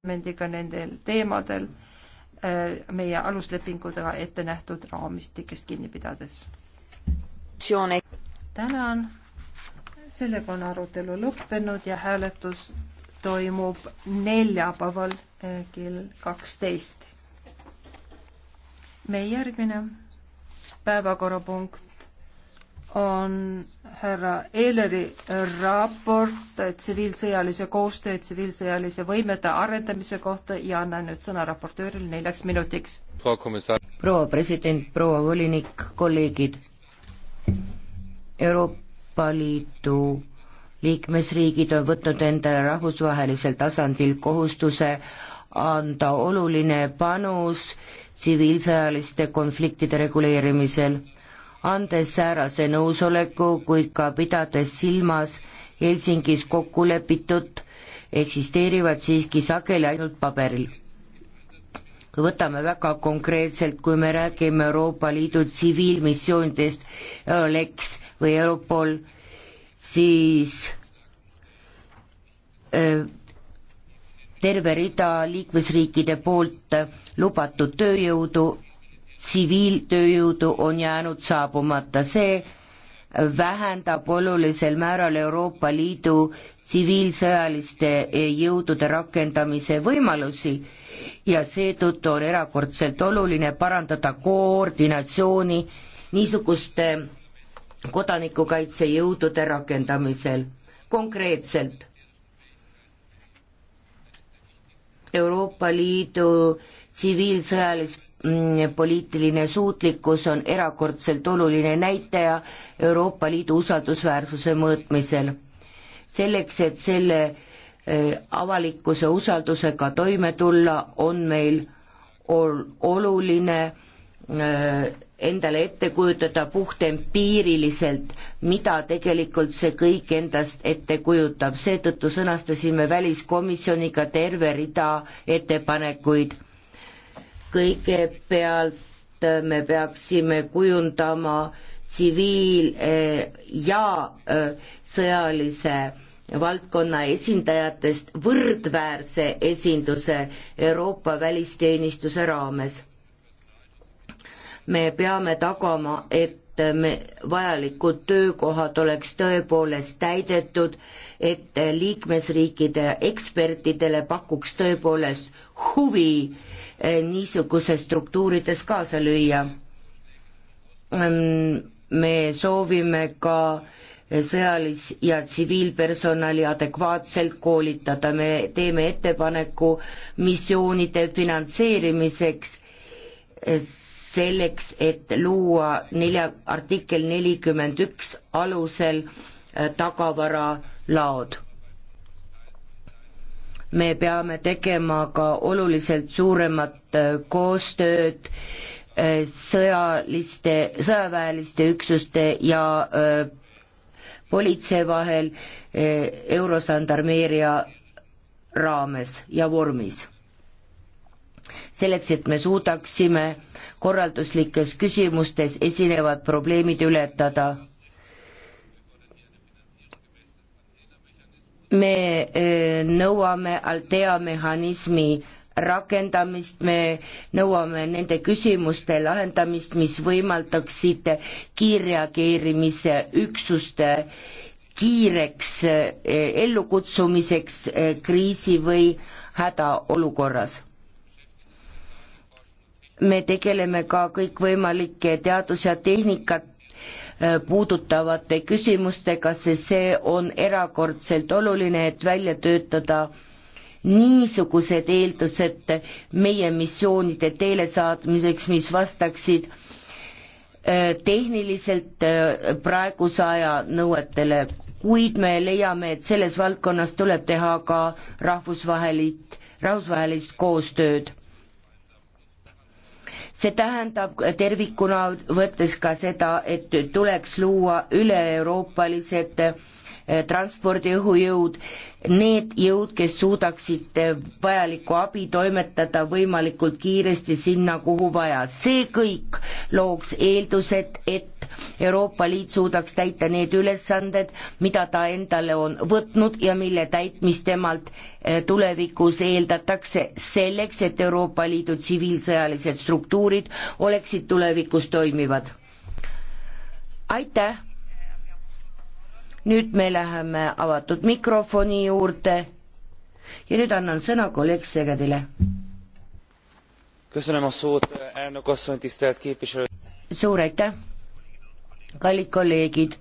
parlamendiga nendel teemadel äh, meie aluslepingudega ette nähtud raamistikest kinni pidades. tänan, sellega on arutelu lõppenud ja hääletus toimub neljapäeval äh, kell kaksteist. meie järgmine päevakorrapunkt on härra Eileri raport tsiviilsõjalise koostöö, tsiviilsõjalise võimete arendamise kohta ja annan nüüd sõna raportööril neljaks minutiks. proua president, proua volinik, kolleegid. Euroopa Liidu liikmesriigid on võtnud endale rahvusvahelisel tasandil kohustuse anda oluline panus tsiviilsõjaliste konfliktide reguleerimisel andes säärase nõusoleku, kuid ka pidades silmas Helsingis kokku lepitut, eksisteerivad siiski sageli ainult paberil. kui võtame väga konkreetselt, kui me räägime Euroopa Liidu tsiviilmissioonidest, Eulex või Europol, siis öö, terve rida liikmesriikide poolt lubatud tööjõudu tsiviiltööjõudu on jäänud saabumata, see vähendab olulisel määral Euroopa Liidu tsiviilsõjaliste jõudude rakendamise võimalusi ja seetõttu on erakordselt oluline parandada koordinatsiooni niisuguste kodanikukaitsejõudude rakendamisel. konkreetselt Euroopa Liidu tsiviilsõjalist Mm, poliitiline suutlikkus on erakordselt oluline näitaja Euroopa Liidu usaldusväärsuse mõõtmisel. selleks, et selle eh, avalikkuse usaldusega toime tulla, on meil ol-, oluline eh, endale ette kujutada puhtempiiriliselt, mida tegelikult see kõik endast ette kujutab, seetõttu sõnastasime väliskomisjoniga terve rida ettepanekuid kõigepealt me peaksime kujundama tsiviil- ja äh, sõjalise valdkonna esindajatest võrdväärse esinduse Euroopa välisteenistuse raames. me peame tagama, et me, vajalikud töökohad oleks tõepoolest täidetud, et liikmesriikide ekspertidele pakuks tõepoolest huvi niisugustes struktuurides kaasa lüüa. Ehm, me soovime ka sõjalis- ja tsiviilpersonali adekvaatselt koolitada, me teeme ettepaneku missioonide finantseerimiseks eh, selleks, et luua nelja, artikkel nelikümmend üks alusel eh, tagavaralaod me peame tegema ka oluliselt suuremat äh, koostööd äh, sõjaliste, sõjaväeliste üksuste ja öö, äh, politsei vahel Eurosandarmeeria raames ja vormis. selleks, et me suudaksime korralduslikes küsimustes esinevad probleemid ületada me eh, nõuame Altea mehhanismi rakendamist, me nõuame nende küsimuste lahendamist, mis võimaldaksid kiirreageerimise üksuste kiireks eh, ellukutsumiseks eh, kriisi või hädaolukorras. me tegeleme ka kõikvõimalike teadus- ja tehnikat Äh, puudutavate küsimustega, sest see on erakordselt oluline, et välja töötada niisugused eeldused meie missioonide teele saatmiseks, mis vastaksid äh, tehniliselt äh, praeguse aja nõuetele, kuid me leiame, et selles valdkonnas tuleb teha ka rahvusvahelist, rahvusvahelist koostööd see tähendab tervikuna võttes ka seda, et tuleks luua üle-euroopalised Eh, transpordiõhujõud, need jõud, kes suudaksid eh, vajalikku abi toimetada võimalikult kiiresti sinna, kuhu vaja. see kõik looks eeldused, et Euroopa Liit suudaks täita need ülesanded, mida ta endale on võtnud ja mille täitmist temalt eh, tulevikus eeldatakse, selleks et Euroopa Liidu tsiviilsõjalised struktuurid oleksid tulevikus toimivad. aitäh! nüüd me läheme avatud mikrofoni juurde ja nüüd annan sõna kolleeg Segedile. suur aitäh, kallid kolleegid.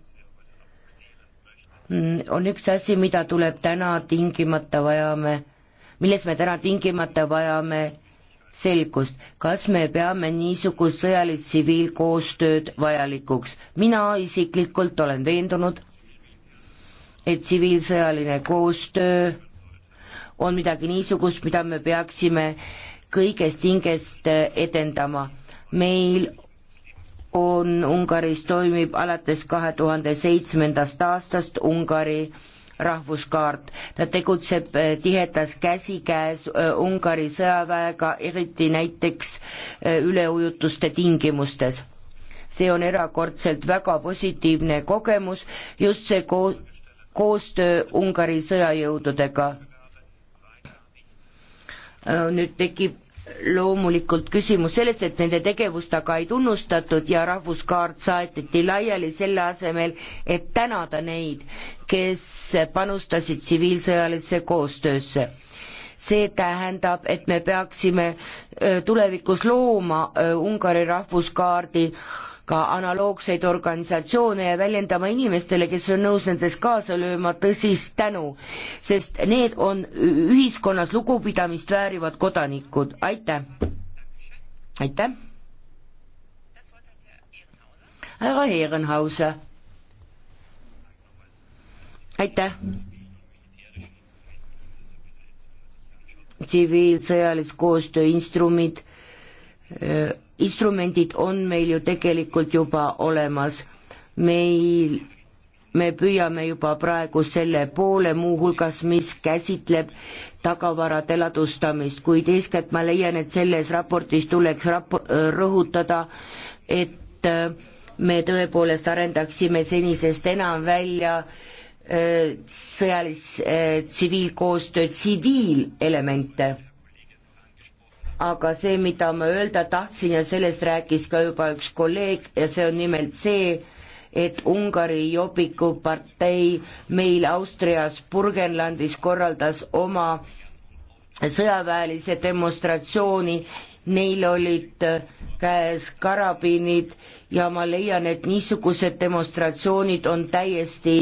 Mm, on üks asi, mida tuleb täna tingimata vajame, milles me täna tingimata vajame selgust, kas me peame niisugust sõjalist tsiviilkoostööd vajalikuks. mina isiklikult olen veendunud, et tsiviilsõjaline koostöö on midagi niisugust, mida me peaksime kõigest hingest äh, edendama. meil on Ungaris toimib alates kahe tuhande seitsmendast aastast Ungari rahvuskaart. ta tegutseb äh, tihedas käsikäes äh, Ungari sõjaväega, eriti näiteks üleujutuste tingimustes. see on erakordselt väga positiivne kogemus, just see ko-, koostöö Ungari sõjajõududega. nüüd tekib loomulikult küsimus sellest, et nende tegevust aga ei tunnustatud ja rahvuskaart saateti laiali selle asemel, et tänada neid, kes panustasid tsiviilsõjalisse koostöösse see tähendab, et me peaksime äh, tulevikus looma äh, Ungari rahvuskaardi äh, ka analoogseid organisatsioone ja väljendama inimestele, kes on nõus nendes kaasa lööma, tõsist tänu, sest need on ühiskonnas lugupidamist väärivad kodanikud, aitäh! aitäh! härra Ehrenhause. aitäh! tsiviilsõjalist koostöö instrumid öö äh, instrumendid on meil ju tegelikult juba olemas, meil, me püüame juba praegu selle poole muuhulgas, mis käsitleb tagavarade ladustamist, kuid eeskätt ma leian, et selles raportis tuleks rap-, rõhutada, et äh, me tõepoolest arendaksime senisest enam välja äh, sõjalis-, äh, tsiviilkoostöö tsiviilelemente aga see, mida ma öelda tahtsin ja sellest rääkis ka juba üks kolleeg ja see on nimelt see, et Ungari Jobiku partei meil Austrias Burgenlandis korraldas oma sõjaväelise demonstratsiooni, neil olid äh, käes karabiinid ja ma leian, et niisugused demonstratsioonid on täiesti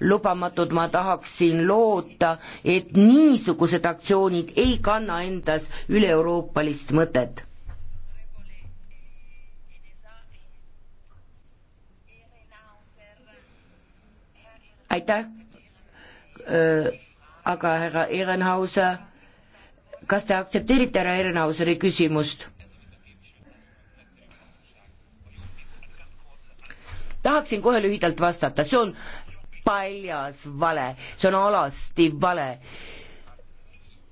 lubamatud, ma tahaksin loota, et niisugused aktsioonid ei kanna endas üle-euroopalist mõtet. aitäh, äh, aga härra Ehrenhauser, kas te aktsepteerite härra Ehrenhauseri küsimust? tahaksin kohe lühidalt vastata, see on paljas vale, see on alastiv vale.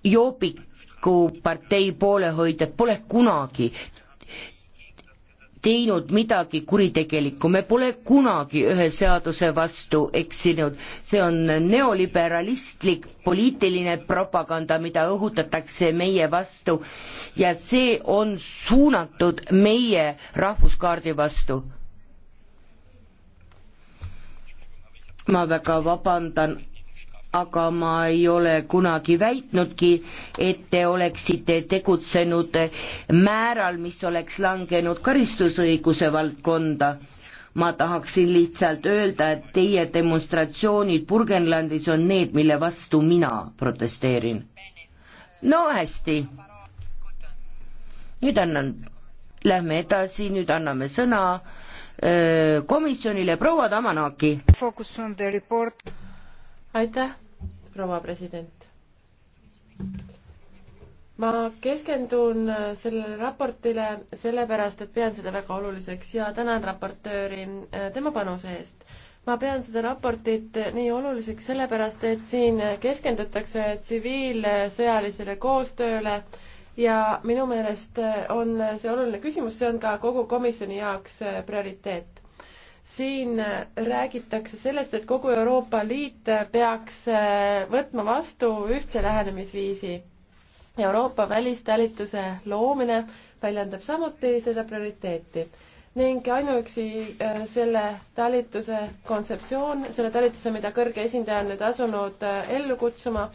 joobiku partei poolehoidjad pole kunagi teinud midagi kuritegelikku, me pole kunagi ühe seaduse vastu eksinud, see on neoliberalistlik poliitiline propaganda, mida õhutatakse meie vastu ja see on suunatud meie rahvuskaardi vastu ma väga vabandan, aga ma ei ole kunagi väitnudki, et te oleksite tegutsenud määral, mis oleks langenud karistusõiguse valdkonda. ma tahaksin lihtsalt öelda, et teie demonstratsioonid Burgenlandis on need, mille vastu mina protesteerin. no hästi. nüüd annan, lähme edasi, nüüd anname sõna Äh, komisjonile, proua Tamanaki. aitäh, proua president. ma keskendun sellele raportile sellepärast, et pean seda väga oluliseks ja tänan raportööri äh, tema panuse eest ma pean seda raportit nii oluliseks sellepärast, et siin keskendutakse tsiviilsõjalisele koostööle äh, ja minu meelest äh, on see oluline küsimus, see on ka kogu komisjoni jaoks äh, prioriteet. siin äh, räägitakse sellest, et kogu Euroopa Liit peaks võtma vastu ühtse lähenemisviisi. Euroopa välistalituse loomine väljendab samuti seda prioriteeti ning ainuüksi selle talituse kontseptsioon, selle talituse, mida kõrge esindaja on nüüd asunud ellu kutsuma,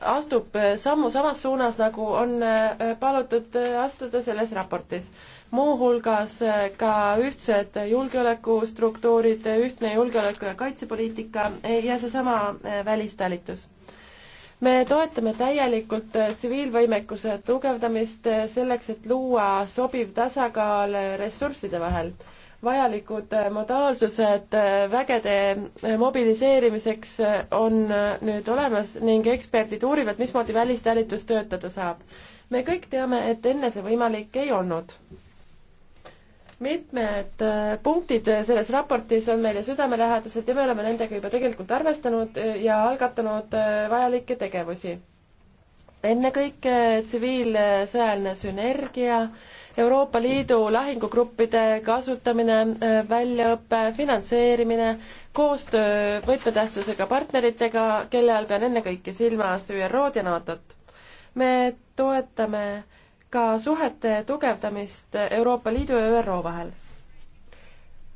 astub sammu samas suunas, nagu on äh, palutud äh, astuda selles raportis. muuhulgas äh, ka ühtsed julgeolekustruktuurid, ühtne julgeoleku- ja kaitsepoliitika ja seesama välistalitus me toetame täielikult tsiviilvõimekuse tugevdamist selleks, et luua sobiv tasakaal ressursside vahel vajalikud äh, modaalsused äh, vägede äh, mobiliseerimiseks on nüüd olemas ning eksperdid uurivad, mismoodi välistälitus töötada saab. me kõik teame, et enne see võimalik ei olnud. mitmed punktid selles raportis on meile südamelähedased ja me oleme nendega juba tegelikult arvestanud ja algatanud vajalikke tegevusi ennekõike tsiviilsõjaline sünergia, Euroopa Liidu lahingugruppide kasutamine, äh, väljaõpe, finantseerimine, koostöö võtmetähtsusega partneritega, kelle all pean ennekõike silmas ÜRO-d ja NATO-t. me toetame ka suhete tugevdamist Euroopa Liidu ja ÜRO vahel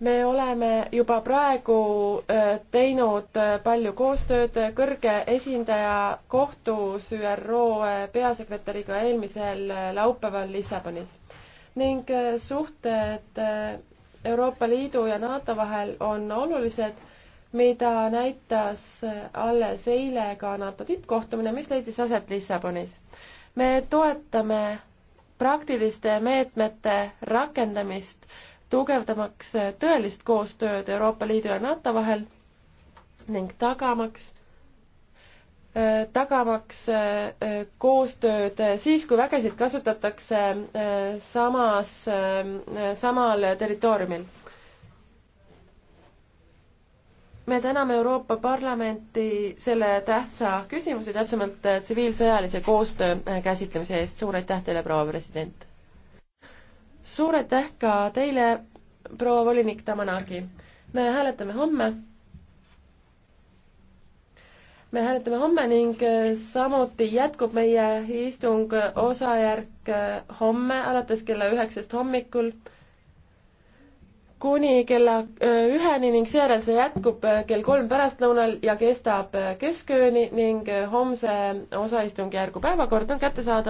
me oleme juba praegu äh, teinud äh, palju koostööd, kõrge esindaja kohtus ÜRO äh, peasekretäriga eelmisel laupäeval Lissabonis ning suhted Euroopa Liidu ja NATO vahel on olulised, mida näitas alles eile ka NATO tippkohtumine, mis leidis aset Lissabonis. me toetame praktiliste meetmete rakendamist tugevdamaks äh, tõelist koostööd Euroopa Liidu ja NATO vahel ning tagamaks äh, tagamaks äh, koostööd siis, kui vägesid kasutatakse samas, ähm, samal territooriumil. me täname Euroopa Parlamenti selle tähtsa küsimuse, täpsemalt tsiviilsõjalise koostöö käsitlemise eest, suur aitäh teile, proua president! suur aitäh ka teile, proua volinik Tamanagi. me hääletame homme. me hääletame homme ning äh, samuti jätkub meie istung osajärk äh, homme alates kella üheksast hommikul kuni kella äh, üheni ning seejärel see jätkub kell kolm pärastlõunal ja kestab keskööni ning homse osaistungjärgu päevakord on kättesaadav